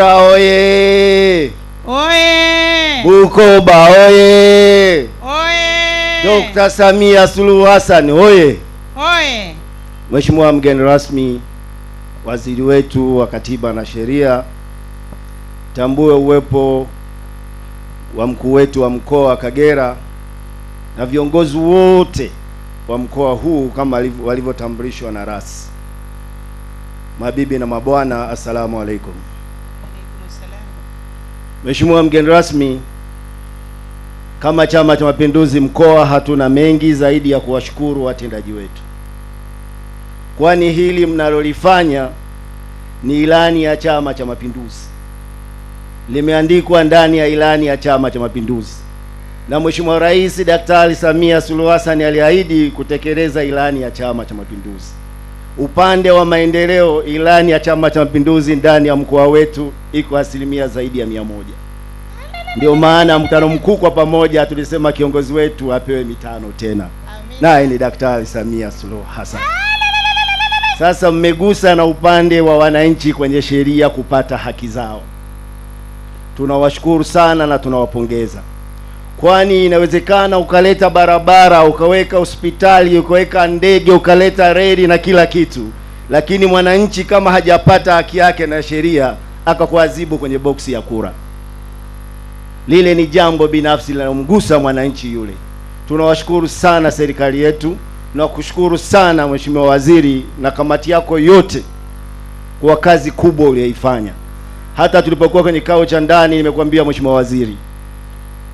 Oye. Oye. Bukoba oye. Oye. Dr. Samia Suluhu Hassan oye. Oye. Mheshimiwa mgeni rasmi, waziri wetu wa Katiba na Sheria, tambue uwepo wa mkuu wetu wa mkoa wa Kagera na viongozi wote wa mkoa huu kama walivyotambulishwa na rasi. Mabibi na mabwana, assalamu alaikum. Mheshimiwa mgeni rasmi, kama Chama cha Mapinduzi mkoa hatuna mengi zaidi ya kuwashukuru watendaji wetu, kwani hili mnalolifanya ni ilani ya Chama cha Mapinduzi, limeandikwa ndani ya ilani ya Chama cha Mapinduzi, na Mheshimiwa Rais Daktari Samia Suluhu Hassan aliahidi kutekeleza ilani ya Chama cha Mapinduzi. Upande wa maendeleo, ilani ya Chama cha Mapinduzi ndani ya mkoa wetu iko asilimia zaidi ya mia moja. Ndio maana mkutano mkuu kwa pamoja tulisema kiongozi wetu apewe mitano tena, naye ni Daktari Samia Suluhu Hassan. Sasa mmegusa na upande wa wananchi kwenye sheria kupata haki zao, tunawashukuru sana na tunawapongeza kwani inawezekana ukaleta barabara, ukaweka hospitali, ukaweka ndege, ukaleta reli na kila kitu, lakini mwananchi kama hajapata haki yake na sheria akakuadhibu kwenye boksi ya kura. Lile ni jambo binafsi linalomgusa mwananchi yule. Tunawashukuru sana serikali yetu, nakushukuru sana Mheshimiwa Waziri na kamati yako yote kwa kazi kubwa uliyoifanya. Hata tulipokuwa kwenye kikao cha ndani, nimekuambia Mheshimiwa Waziri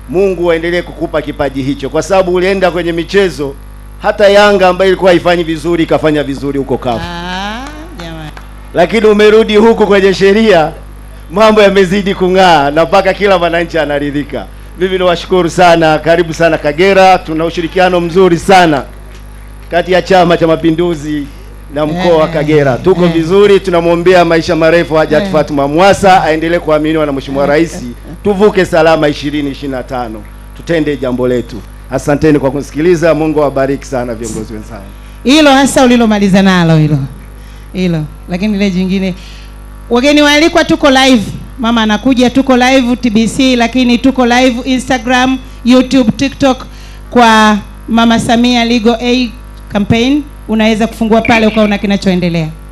Mungu aendelee kukupa kipaji hicho, kwa sababu ulienda kwenye michezo, hata Yanga ambayo ilikuwa haifanyi vizuri ikafanya vizuri huko kafu. Ah, Lakini umerudi huku kwenye sheria, mambo yamezidi kung'aa na mpaka kila mwananchi anaridhika. Mimi niwashukuru sana, karibu sana Kagera. Tuna ushirikiano mzuri sana kati ya Chama cha Mapinduzi na mkoa wa eh. Kagera. Tuko eh. vizuri, tunamwombea maisha marefu Hajat eh. Fatuma Mwasa, aendelee kuaminiwa na Mheshimiwa Rais, tuvuke salama 2025 tutende jambo letu. Asanteni kwa kusikiliza. Mungu awabariki sana viongozi wenzangu. Hilo hasa ulilomaliza nalo hilo hilo, lakini ile jingine, wageni waalikwa, tuko live, mama anakuja, tuko live TBC, lakini tuko live Instagram, YouTube, TikTok kwa Mama Samia Legal Aid Campaign unaweza kufungua pale ukaona kinachoendelea.